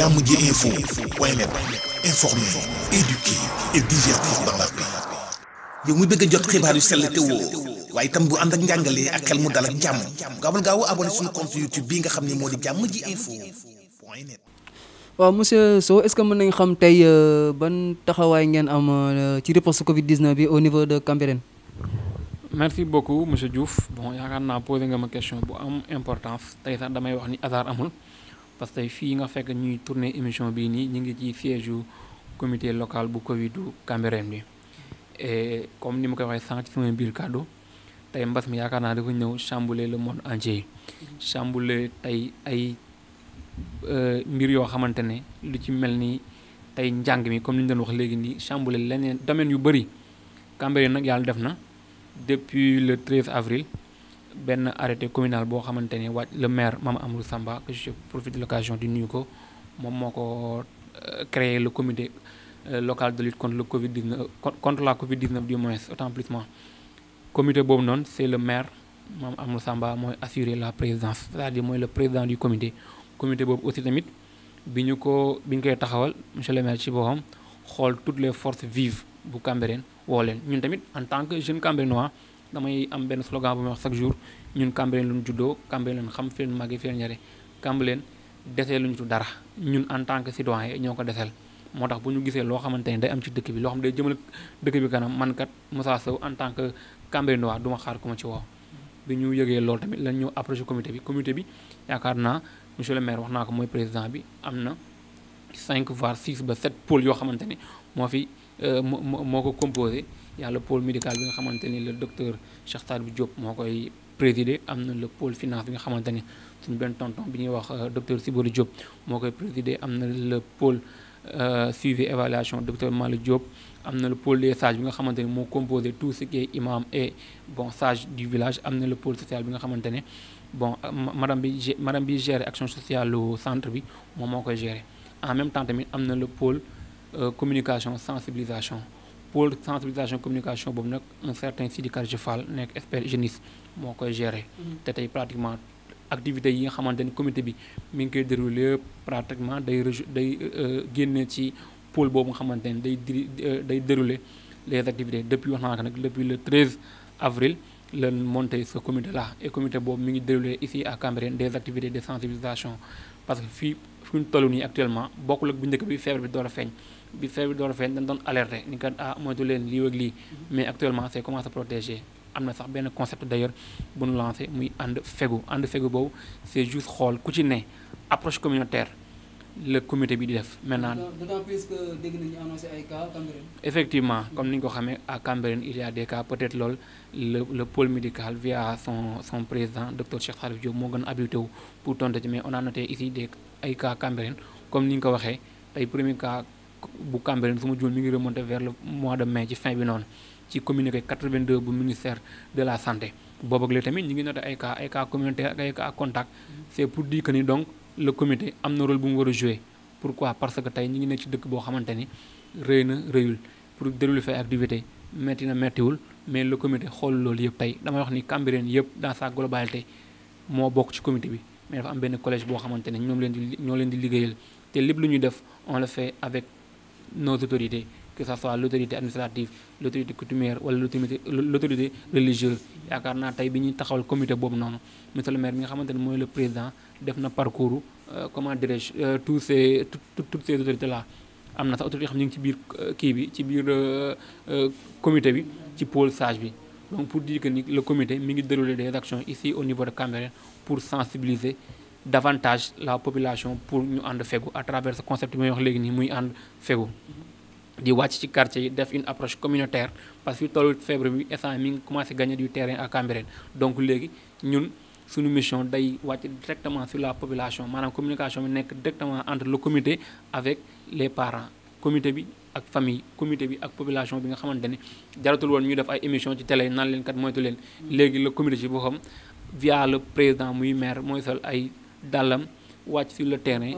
jàmm ji info point net informer, éduquer et divertir dans la paix. yow bu ànd ak njàngalee ak xel mu dal ak jàmm gaawal gaaw abonné suñu nga xam ne moo di jàmm ji info point net. waaw monsieur Sow est-ce que mën nañ xam tey euh, ban taxawaay ngeen am euh, ci riposte Covid 19 bi au niveau de Cambérène. merci beaucoup monsieur Diouf bon yaakaar naa posé nga ma question bu am importance tey damay wax ni hasard amul. parce que fii nga fekk ñuy tourner émission bii nii ñu ngi ci siège yu comité local bu Covid du Cambérène bi et comme ni ma koy waxee sànq ci sama biir kàddu tey mbas mi yaakaar naa dafa ñëw chambouler le monde entier chambouler tey ay euh, mbir yoo xamante ne lu ci mel ni tey njàng mi comme li ñu doon wax léegi nii chambouler leneen domaine yu bëri Cambérène nag yàlla def na depuis le 13 avril. benn arrêté communal boo xamante ne waa le maire Mame Amadou Samba que je profite de l'occasion di nuyu ko moom moo ko euh, créé le comité euh, local de lutte contre le Covid 19 contre la Covid 19 du moins autant plus moi comité boobu noonu c'est le maire Mame Amadou Samba mooy assurer la présidence c'est-à-dire mooy le président du comité comité boobu aussi tamit bi ñu ko bi ñu koy taxawal monsieur le maire ci boppam xool toutes les forces vives bu Cambérène damay am benn slogan bu may wax chaque jour ñun Cambérène lu ñu juddoo Cambérène lañ xam fi leen màggee fi leen yare Cambérène desee lu ñu tu dara ñun en tant que citoyen ñoo ko deseel moo tax bu ñu gisee loo xamante ni day am ci dëkk bi loo xam day jëmale dëkk bi kanam man kat Moussa en tant que Cambérénois du ma xaar ku ma ci woo bi ñu yëgee loolu tamit lañ ñu approché comité bi comité bi yaakaar naa monsieur le maire wax naa ko mooy président bi am na cinq voire 6 ba 7 pôles yoo xamante ni moo fi euh, moo ko composé yàlla pôle médical bi nga xamante ni le docteur Cheikh Tadou Diop moo koy présider am na le pôle finance bi nga xamante ni suñu benn tonton bi ñuy wax euh, docteur Sibori Diop moo koy présider am na le pôle euh, suivi évaluation docteur Malick Diop am na le pôle des sages bi nga xamante ni moo composé tout ce qui est imam et bon sage du village am na le pôle social bi nga xamante ne bon euh, madame bi madame bi gère action sociale centre bi moom moo koy gérer en même temps tamit am na le pôle communication sensibilisation pôle sensibilisation communication boobu nag un certain Sidi Karje Fall nekk expert jeunesse moo koy gérer. Mm-hmm. te tey pratiquement activités yi nga xamante ni comité bi mi ngi koy déroulé pratiquement day reju day euh, génne ci pôle boobu nga xamante ni day diri euh, day déroulé les activités depuis wax naa ko nag depuis le 13 avril. lan monté ce comité là et comité boobu mi ngi déroulé ici à Cambérène des activités des sensibilisation parce que fii fi ñu toll nii actuellement bokkul ak bu njëkk bi feebar bi door a feeñ bi feebar bi door a feeñ dañ doon alerter ni kat ah moytu leen lii ak lii mhm. mais actuellement c'est comment a protéger am na sax benn concept d'ailleurs bu ñu lancé muy ànd fegu ànd fegu boobu c'est juste xool ku ci ne approche communautaire le comité bi di def maintenant. d'autant plus que dégg effectivement comme ni ñu ko xamee à Cambérène il y a des cas peut-être loolu le le pôle médical via son son président docteur Cheikh Salif Diop moo gën a habilité wu pour tontu ci mais on a noté ici des ay cas Cambérène comme ni ñu ko waxee tey premier cas bu Cambérène su ma juul mi ngi remonté vers le mois de mai ci fin bi noonu ci communiqué 82 bu ministère de la santé boobu ak tamit ñu ngi noté ay cas ay cas communautaire le comité am na rôle bu mu war a joué pourquoi parce que tey ñu ngi nekk ci dëkk boo xamante ni rëy na rëyul pour dérouler fay activité metti na mettiwul mais le comité xool loolu yëpp tey damay wax ni Cambérène yëpp dans sa globalité moo bokk ci comité bi mais dafa am benn collège boo xamante ne ñoom leen di ñoo leen di liggéeyal te lépp lu ñuy def on le fait avec nos autorités que ça soit l'autorité administrative l'autorité coutumière wala l'autorité religieuse yaakaar naa tey bi ñuy taxawal comité boobu noonu monsieur le maire bi nga xamante ne mooy le président def na parcours euh, comment dirais-je euh, tous ces toutes ces autorités là am na sax autorité xam ñu ngi ci biir euh, kii bi ci biir comité bi ci pôle sage bi donc pour dire que le comité mi ngi dérouler des actions ici au niveau de Cambérène pour sensibiliser davantage la population pour ñu ànd fegu à travers ce concept léegi nii muy ànd di wàcc ci quartier yi def une approche communautaire parce que fi tollu feebar bi instant mi ngi commencé gagner du terrain à Cambérène donc léegi ñun suñu mission day wàcc directement sur la population maanaam communication bi nekk directement entre le comité avec les parents comité bi ak famille comité bi ak population bi nga xamante ne jaratul woon ñu def ay émission ci télé nan leen kat moytu leen léegi la comité ci boppam via le président muy maire mooy sol ay dàllam wàcc sur le terrain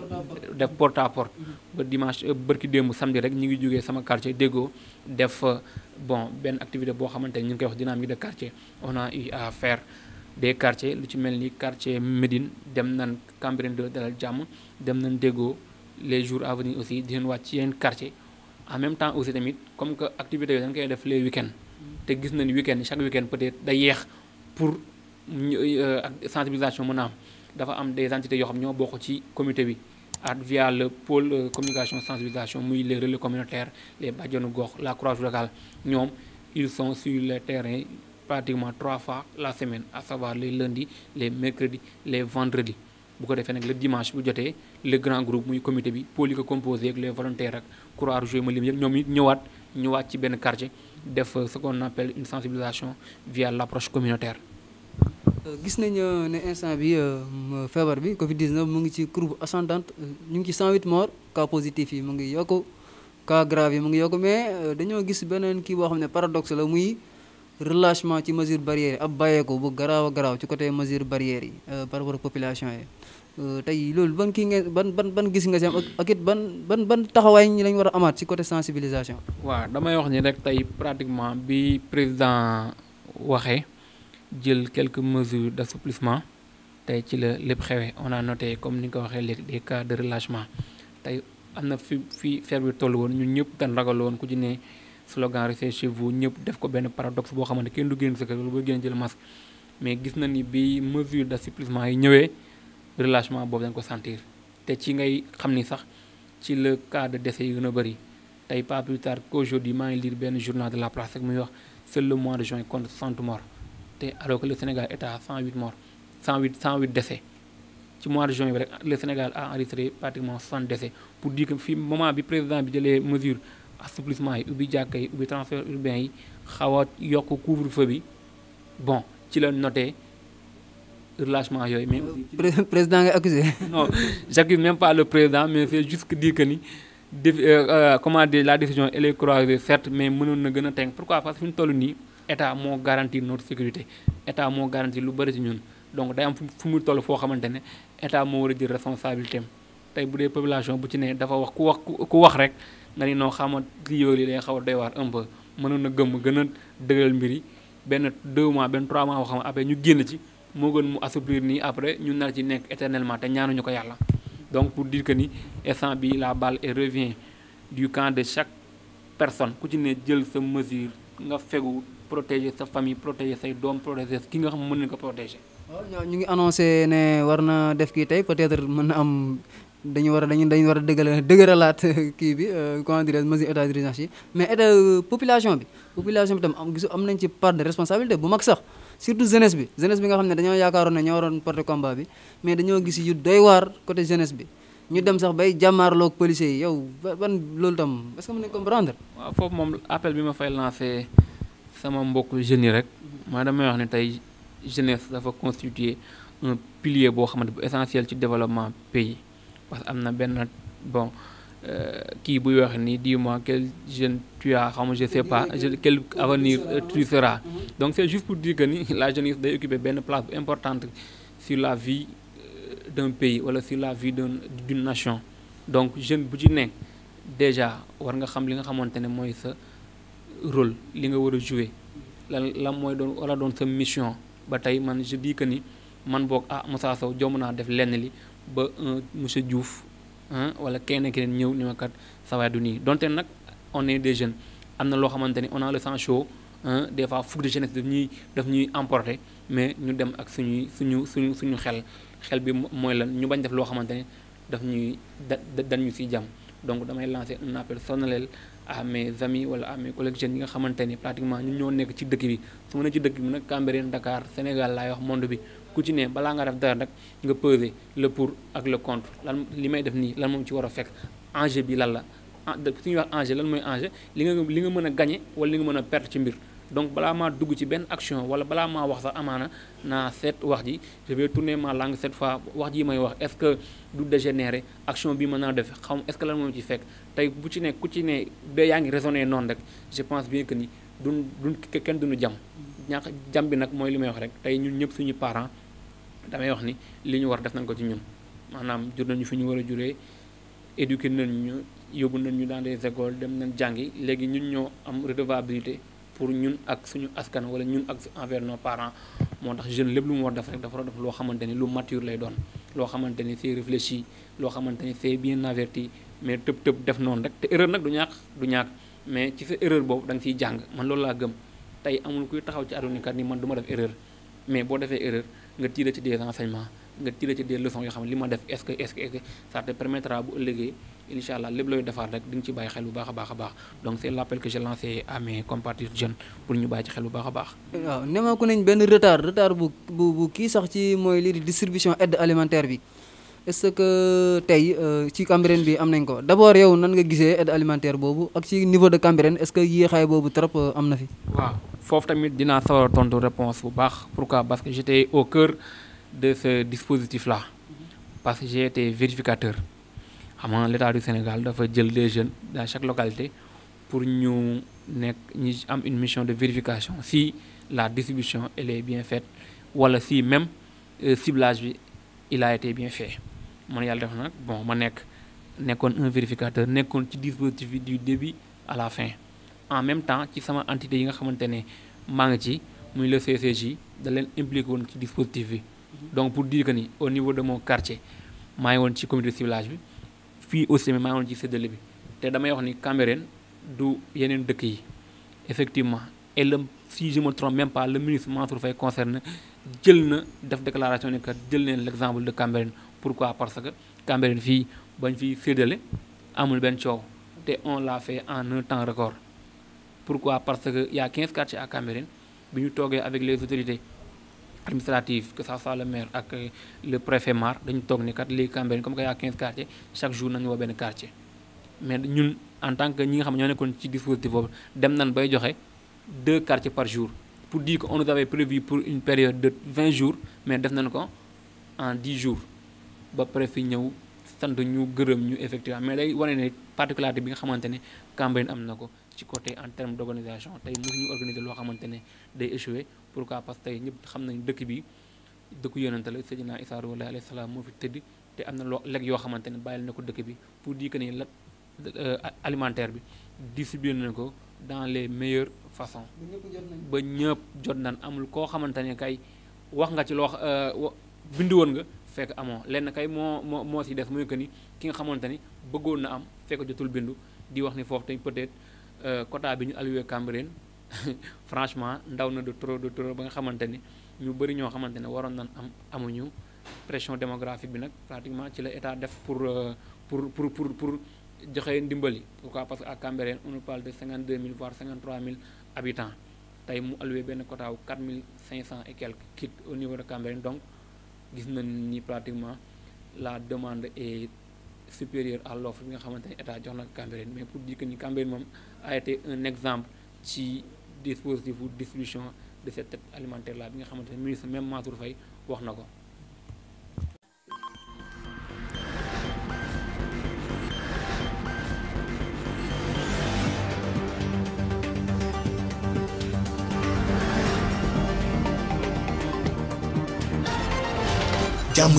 def port à porte ba dimanche euh, bërki démb samedi rek ñu ngi jógee sama quartier déggoo def euh, bon benn activité boo xamante ne ñu ngi koy wax dynamique de quartier on a eu à faire des quartiers lu ci mel ni quartier Médine dem nan Cambérène 2 Dalal Jàmm dem nan déggoo les jours à venir aussi di leen wàcc ci yeneen quartier en même temps aussi tamit comme que activité yooyu dañ koy def les week mm. te gis nañ week-end chaque week-end peut-être da yeex pour euh, sensibilisation mën a dafa am des entités yoo xam ñoo bokk ci comité bi ak via le pôle euh, communication sensibilisation muy les relais communautaires les bajenu gox la Croix-Rouge locale ñoom ils sont sur le terrain pratiquement trois fois la semaine à savoir les lundis les mercredis les vendredis bu ko defee nag le dimanche bu jotee le grand groupe muy comité bi pôle yi ko composé ak les volontaires ak Croix-Rouge ma yëpp ñoom it ñëwaat ñëwaat ci benn quartier def euh, ce qu'on appelle une sensibilisation via l'approche communautaire Euh, gis nañu euh, ne instant bi euh, feebar bi Covid 19 mu ngi ci courbe ascendante ñu ngi ci 108 morts cas positif yi mu ngi yokk cas grave yi mu ngi yokku mais dañoo gis beneen kii boo xam ne paradoxe la muy relâchement ci mesure barrière ab bàyyeeku bu garaaw a garaaw ci côté mesure barrière yi par rapport population yi tey loolu ban kii ngeen ban ban ban gis nga si ak it ban ban ban taxawaay ñi lañ war a amaat ci côté sensibilisation. waa damay wax ni rek tey pratiquement bi président waxee. jël quelques mesures d'assouplissement tey ci la lépp xewee on a noté comme ni nga ko waxee léegi des cas de tey am na fi fi feebar bi toll woon ñu ñëpp dañ ragal woon ku ci ne slogan restez chez def ko benn paradoxe boo xamante kenn du génn sa kër lu booy génn jël masque mais gis na ni bi mesure d'assouplissement yi ñëwee relâchement boobu dañ ko sentir te ci ngay xam ni sax ci le cas de décès yi gën a bëri tey pas plus tard qu'aujourd'hui maa ngi l wax seul mois de juin compte 60 déportés alors que le Sénégal est à 108 morts 108 108 décès ci mois de juin bi rek le Sénégal a enregistré pratiquement 100 décès pour dire que fi moment bi président bi jëlee mesure assouplissement yi ubbi jàkka yi ubbi transfert urbain yi xaw a yokk couvre-feu bi bon ci la noté relâchement yooyu mais. Pré président nga accusé. non j'accuse même pas le président mais c'est juste que dire euh, euh, comment dire la décision elle est croisée certes mais mënoon na gën a tënk pourquoi parce que fi ñu toll nii. état moo garanti notre sécurité état moo garantir lu bëri ci ñun donc day am fu mu toll foo xamante ne état moo war jël responsabilité tey bu dee population bu ci nee dafa wax ku wax ku wax rek nga ni noo xama ci yooyu day xaw a doy waar un peu mënoon a gëmm gën a dëgëral mbir benn deux mois benn trois mois boo xam après ñu génn ci moo gën mu assouplir nii après ñu nar ci nekk éternellement te ñaanuñu ko yàlla donc pour dire que ni instant bi la balle et revient du camp chaque personne ku jël sa mesure nga fegu protéger sa famille protéger say doom protéger ki nga xam mën nañu ko protéger. ñu ngi annoncé ne war na def kii tey peut mën na am dañu war a dañu dañu war a dëggal dëgëralaat kii bi euh, comment euh, am nañ ci part de responsabilité bu mag sax surtout jeunesse bi jeunesse bi nga xam ne dañoo yaakaaroon ne ñoo waroon porter combat bi mais dañoo gis yu doy waar côté jeunesse bi. ñu dem sax bay jàmmaarloog policiers yi yow ban loolu tam est-ce que mën nañu comprendre. waaw foofu moom appel bi ma fay lancé sama mbokk jeunes yi rek maa damay wax ne tey jeunesse dafa constituer un pilier boo xamante bu essentiel ci développement pays parce que am na benn bon euh, kii buy wax nii dis-moi quel jeune tu as xam je sais pas quel avenir tu seras mm-hmm. donc c'est juste pour dire que ni la jeunesse day occuper benn place bu importante sur la vie. d'un pays wala sur la vie d'un d'une nation donc jeune bu ci nekk déjà war nga xam li nga xamante ne mooy sa rôle li nga war a jouer la lan mooy doon wala doon sa mission ba tey man je dis que ni man boog ah Moussa Sow jom naa def lenn li ba euh, monsieur Diouf wala kenn keneen ñëw ni ma kat sa waay du nii donte nag on est des jeunes am na loo xamante ni on a le sang des fois fougue de jeunesse daf ñuy daf ñuy emporter mais ñu dem ak suñuy suñu suñu suñu xel xel bi mooy lan ñu bañ def loo xamante ne daf ñuy da dañu siy jàmm donc damay lancer un appel solennel à mes amis wala à mes yi nga xamante ni pratiquement ñun ñoo nekk ci dëkk bi su ma ne ci dëkk bi nag Cambérène Dakar Sénégal laay wax monde bi ku ci ne balaa nga def dara rek nga peser le pour ak le contre lan li may def nii lan moom ci war a fekk enjeu bi lan la su ñuy wax enjeu lan mooy enjeu li nga li nga mën a gagner li nga mën a perdre ci mbir donc balaa maa dugg ci benn action wala balaa maa wax sax amaana naa seet wax ji je vais tourner ma langue cette fois wax ji may wax est-ce que du dégénérer action bi mën naa def xam est-ce que lan moom ci fekk tey bu ci ne ku ci ne ba yaa ngi raisonné noonu rek je pense bien que ni duñ duñ kenn duñu jam ñàkk jam bi nag mooy li may wax rek tey ñun ñëpp suñu parent damay wax ni li ñu war def nañ ko ci ñun maanaam jur nañu fi ñu war a juree éduqué nañ ñu yóbbu nañ ñu dans des écoles dem nañ jàngi léegi ñun ñoo am redevabilité pour ñun ak suñu askan wala ñun ak envers nos parents moo tax jeune lépp lu mu war def rek dafa def loo xamante ni lu mature lay doon loo xamante ni c'est réfléchi loo xamante ni c'est bien averti mais tëb tëb def noonu rek te erreur nag du ñàkk du ñàkk mais ci sa erreur boobu da nga ciy jàng man loolu laa gëm tey amul kuy taxaw ci àdduna kat ni man du ma def erreur mais boo defee erreur nga tiire ci des enseignements nga tiré ci des leçons yoo xam li ma def est-ce que est-ce que est permettra bu ëllëgee incha allah lépp looy defaat rek di ci bàyyi xel bu baax a baax a baax donc c'est l'appel que j'ai lancé à mes compatriotes jeunes pour ñu bàyyi ci xel bu baax a baax. waaw nemmeeku nañ benn retard retard bu bu bu sax ci mooy lii di distribution aide alimentaire bi est-ce que tey euh, ci Cambérène bi am nañ ko d'abord yow nan nga gisee aide alimentaire boobu ak ci niveau de Cambérène est-ce que boobu trop euh, am na fi. waaw foofu bu baax pourquoi parce de ce dispositif-là parce que j'ai été vérificateur xam nga l'État du Sénégal dafa jël des jeunes dans chaque localité pour ñu nekk ñu am une mission de vérification si la distribution elle est bien faite wala si même euh, ciblage bi il a été bien fait man yàlla def nag bon ma nekk nekkoon un vérificateur nekkoon ci dispositif bi du début à la fin en même temps ci sama entité yi nga xamante ne maa ngi ci muy le CCJ da leen impliqué woon ci dispositif bi donc pour dire que ni au niveau de mon quartier maa ngi woon ci comité de village bi fii au maa ngi woon ci séddale bi te damay wax ni Cambérène du yeneen dëkk yi effectivement et le si je me trompe pas le ministre mentre Faye concerne jël na def déclaration ne que jël neen l' exemple de Cambérène pourquoi parce que Cambérène fii bañ fi séddale amul benn coow te on l'a fait en un temps record pourquoi parce que y quinze 15 quartiers à Cambérène bi ñu toogee avec les autorités administrative que ça soit le maire ak euh, le préfet Mar dañu toog ni kat léegi Cambérène comme que y a 15 quartiers chaque jour nañu woo benn quartier mais ñun en tant que ñi nga xam ne ñoo nekkoon ci dispositif boobu dem nañ bay joxe deux quartiers par jour pour dire ko on nous avait prévu pour une période de 20 jours mais def nañ ko en dix jours ba préfet ñëw sant ñu gërëm ñu effectivement mais day wane ne particularité bi nga xamante ne Cambérène am na ko ci côté en terme d' organisation tey mësuñu organiser loo xamante ne day échoué pourquoi parce que tey ñëpp xam nañ dëkk bi dëkku yonente la Seydina Issa Rouhou Laye alayhi salaam moo fi tëdd te am na loo leg yoo xamante ne bàyyil na ko dëkk bi pour dire que ni lag euh, alimentaire bi distribué na ko dans les meilleures façons ba ñëpp jot nañ amul koo xamante ne kay wax nga ci loo euh, bindu woon nga fekk amoo lenn kay moo moo moo si def mooy que ni ki nga xamante ni bëggoon na am fekk jotul bindu Euh, quota bi ñu alloué Cambérène franchement ndaw na de trop de trop ba nga xamante ni ñu bëri ñoo xamante ne waroon nañ am amuñu pression démographique bi nag pratiquement ci la état def pour euh, pour pour pour pour joxe ndimbali pourquoi parce que à Cambérène on parle de 52 000 voire 53 000 habitants tey mu alloué benn quota wu 4 500 et quelques kits au niveau de Cambérène donc gis na ni pratiquement la demande est supérieur à l'offre bi nga xamante ne état jox na Cambérène mais pour dire que ni Cambérène moom a été un exemple ci dispositif ou distribution de cette aide alimentaire là bi nga xamante ne ministre même Mansour Faye wax na ko. jàmm